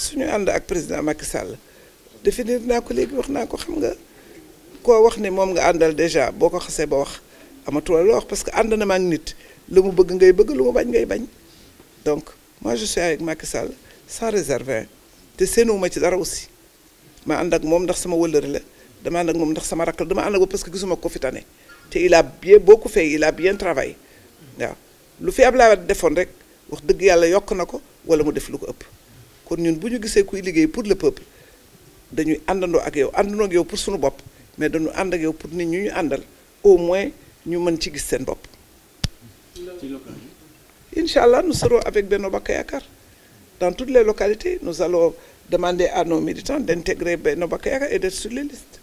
suñu ànd ak président Macky Sall définir naa ko léegi wax naa ko xam nga koo wax ne moom nga àndal déjà boo ko xasee ba wax amatuloo loo wax parce que ànd na ma ak nit lu mu bëgg ngay bëgg lu mu bañ ngay bañ donc moi je suis avec Macky Sall sans réserve te séenuwuma ci dara aussi maa ànd ak moom ndax sama wëllëri la dama ànd ak moom ndax sama rakk la dama ànd ak parce que gisuma ko fitane tane te il a bien beaucoup fait il a bien travaillé waaw lu fi Abdoulaye defoon rek wax dëgg yàlla yokk na ko wala mu def lu ko ëpp. kon ñun bu ñu gisee kuy liggéey pour le peuple dañuy àndandoo ak yow àndandoo ak yow pour suñu bopp mais dañu ànd ak yow pour nit ñu ñu àndal au moins ñu mën ci gis seen bopp. incha allah nous serons avec Benno Bokk Yaakaar dans toutes les localités nous allons demander à nos militants d'intégrer Benno Bokk Yaakaar et d'être sur les listes.